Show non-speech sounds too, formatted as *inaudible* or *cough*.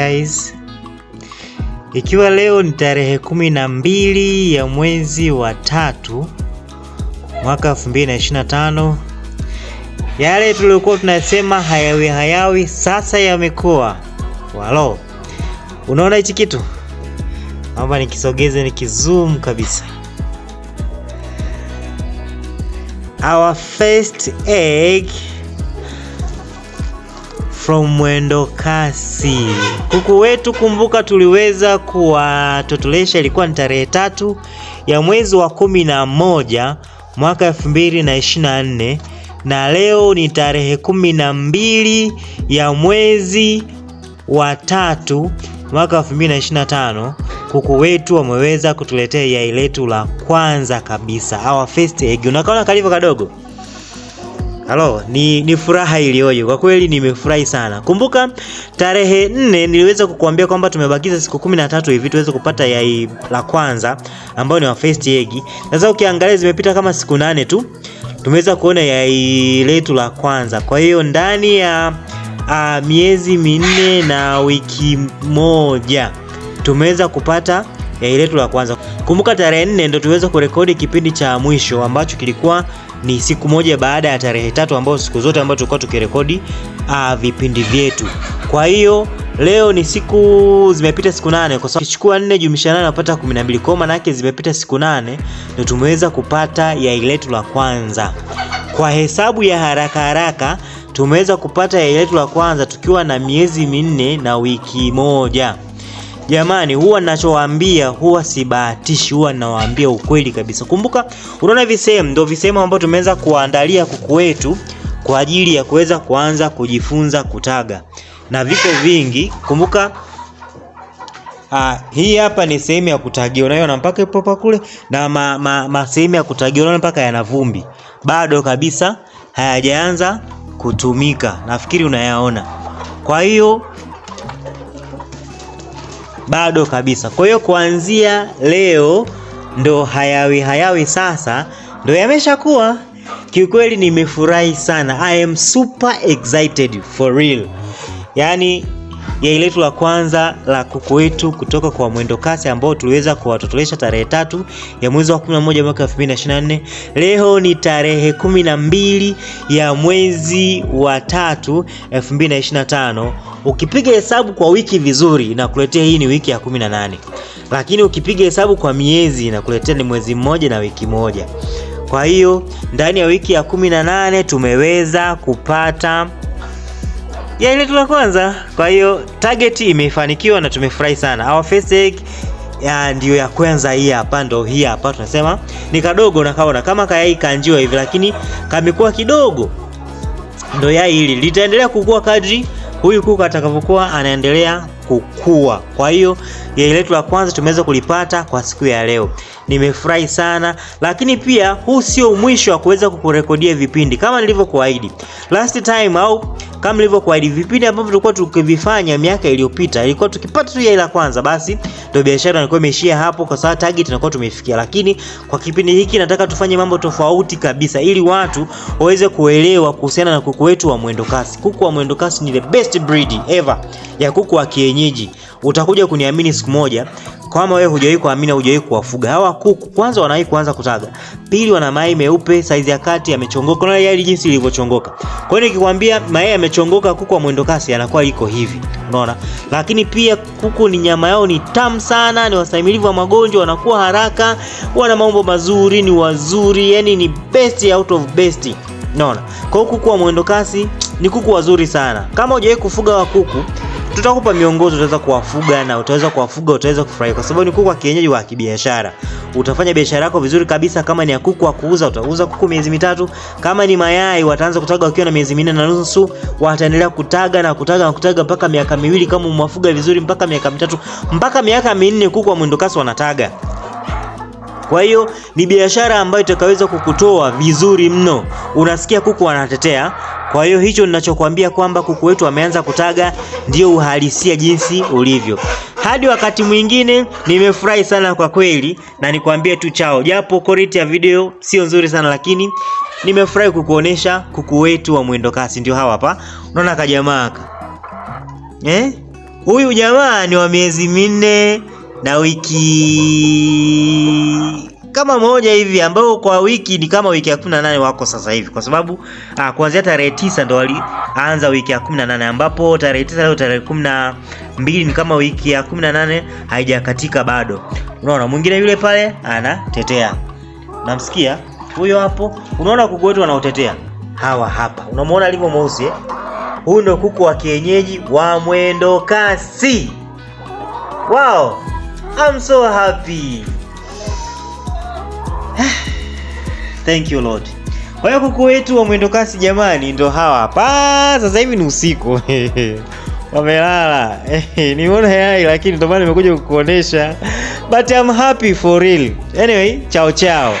guys, ikiwa leo ni tarehe kumi na mbili ya mwezi wa tatu mwaka tano yale tuliokuwa tunasema hayawi hayawi sasa yamekuwa walo. Unaona hichi kitu, naomba nikisogeze ni kizum kabisa. Our first egg from mwendo kasi. Kuku wetu kumbuka, tuliweza kuwatotolesha ilikuwa ni tarehe tatu ya mwezi wa kumi na moja mwaka elfu mbili na ishirini na nne na leo ni tarehe kumi na mbili ya mwezi wa tatu mwaka elfu mbili na ishirini na tano kuku wetu wameweza kutuletea yai letu la kwanza kabisa, our first egg. Unakaona kalivyo kadogo Halo, ni, ni furaha iliyoje kwa kweli, nimefurahi sana. Kumbuka tarehe nne niliweza kukuambia kwamba tumebakiza siku kumi na tatu hivi tuweze kupata yai la kwanza ambayo ni wa first egg. Sasa ukiangalia zimepita kama siku nane tu tumeweza kuona yai letu la kwanza. Kwa hiyo ndani ya a, miezi minne na wiki moja tumeweza kupata yai letu la kwanza. Kumbuka tarehe nne ndo tuweza kurekodi kipindi cha mwisho ambacho kilikuwa ni siku moja baada ya tarehe tatu ambayo siku zote ambayo tulikuwa tukirekodi ah, vipindi vyetu. Kwa hiyo leo ni siku zimepita siku nane kwa sababu kichukua nne jumlisha nane unapata 12. Kwa maana yake zimepita siku nane ndio tumeweza kupata yai letu la kwanza. Kwa hesabu ya haraka haraka tumeweza kupata yai letu la kwanza tukiwa na miezi minne na wiki moja. Jamani, huwa ninachowaambia huwa sibahatishi, huwa nawaambia ukweli kabisa. Kumbuka, unaona hivi ndio visehemu ambavyo tumeweza kuandalia kuku wetu kwa ajili ya kuweza kuanza kujifunza kutaga na viko vingi. Kumbuka Ah, hii hapa ni sehemu ya kutagia, unaiona mpaka ipo pa kule, na ma, ma, ma sehemu ya kutagia unaona mpaka yana vumbi bado kabisa, hayajaanza kutumika. Nafikiri unayaona. Kwa hiyo bado kabisa. Kwa hiyo kuanzia leo ndo hayawi hayawi sasa ndo yameshakuwa. Kiukweli nimefurahi sana, I am super excited for real. Yaani yai letu la kwanza la kuku wetu kutoka kwa mwendo kasi ambao tuliweza kuwatotolesha tarehe tatu ya mwezi wa 11 mwaka 2024. Leo ni tarehe 12 ya mwezi wa tatu 2025. Ukipiga hesabu kwa wiki vizuri inakuletea hii ni wiki ya 18. Lakini ukipiga hesabu kwa miezi inakuletea ni mwezi mmoja na wiki moja. Kwa hiyo ndani ya wiki ya 18 tumeweza kupata ya ile la kwanza. Kwa hiyo target imefanikiwa na tumefurahi sana. Our first egg ndiyo ya kwanza hii hapa, ndo hii hapa tunasema ni kadogo, kaona kama kayai kanjiwa hivi, lakini kamekuwa kidogo. Ndo yai hili litaendelea kukua kadri huyu kuku atakavyokuwa anaendelea kukua. Kwa hiyo gari letu la kwanza tumeweza kulipata kwa siku ya leo, nimefurahi sana. Lakini pia huu sio mwisho wa kuweza kukurekodia vipindi kama nilivyokuahidi last time, au kama nilivyokuahidi vipindi ambavyo tulikuwa tukivifanya miaka iliyopita, ilikuwa tukipata tu gari la kwanza, basi ndio biashara inakuwa imeishia hapo, kwa sababu target inakuwa tumefikia. Lakini kwa kipindi hiki nataka tufanye mambo tofauti kabisa, ili watu waweze kuelewa kuhusiana na kuku wetu wa mwendokasi. Kuku wa mwendokasi ni the best breed ever ya kuku wa kienyeji kienyeji, Utakuja kuniamini siku moja kama wewe hujawahi kuamini, hujawahi kuwafuga hawa kuku. Kwanza wanawahi kuanza kutaga, pili wana mayai meupe, saizi ya kati yamechongoka, na yale jinsi ilivyochongoka. Kwa hiyo nikikwambia mayai yamechongoka, kuku wa mwendo kasi anakuwa iko hivi, unaona. Lakini pia kuku ni nyama yao ni tamu sana, ni wastahimilivu wa magonjwa, wanakuwa haraka, wana maumbo mazuri, ni wazuri, yani ni best out of best. Unaona, kwa hiyo kuku wa mwendo kasi ni kuku wazuri sana. Kama hujawahi kufuga wa kuku tutakupa miongozo utaweza kuwafuga na utaweza kuwafuga, utaweza kufurahia, kwa sababu ni kuku wa kienyeji wa kibiashara. Utafanya biashara yako vizuri kabisa. Kama ni ya kuku wa kuuza, utauza kuku miezi mitatu. Kama ni mayai, wataanza kutaga wakiwa na miezi minne na nusu, wataendelea kutaga na kutaga na kutaga mpaka miaka miwili, kama umewafuga vizuri, mpaka miaka mitatu, mpaka miaka minne, kuku wa mwendokasi wanataga. Kwa hiyo ni biashara ambayo itakaweza kukutoa vizuri mno. Unasikia kuku wanatetea kwa hiyo hicho ninachokuambia kwamba kuku wetu wameanza kutaga ndio uhalisia jinsi ulivyo. Hadi wakati mwingine, nimefurahi sana kwa kweli, na nikwambie tu chao, japo quality ya video sio nzuri sana lakini nimefurahi kukuonesha kuku wetu wa mwendo kasi. Ndio hawa hapa, unaona kajamaa eh, huyu jamaa ni wa miezi minne na wiki kama moja hivi ambao kwa wiki ni kama wiki ya 18 wako sasa hivi, kwa sababu ah, kuanzia tarehe tisa ndo walianza wiki ya 18, ambapo tarehe tisa leo tarehe 12 ni kama wiki ya 18 haijakatika bado. Unaona mwingine yule pale anatetea, namsikia huyo hapo. Unaona kuku wetu wanaotetea hawa hapa, unamwona alivyo mweusi eh? Huyu ndo kuku wa kienyeji wa mwendo kasi wao I'm so happy. *sighs* Thank you Lord. Kwa hiyo kuku wetu wa mwendokasi jamani, ndo hawa hapa. Ah, sasa hivi ni usiku *laughs* wamelala. *laughs* Nimeona yai, lakini ndo maana nimekuja kukuonesha, but I'm happy for real. Anyway, chao chao.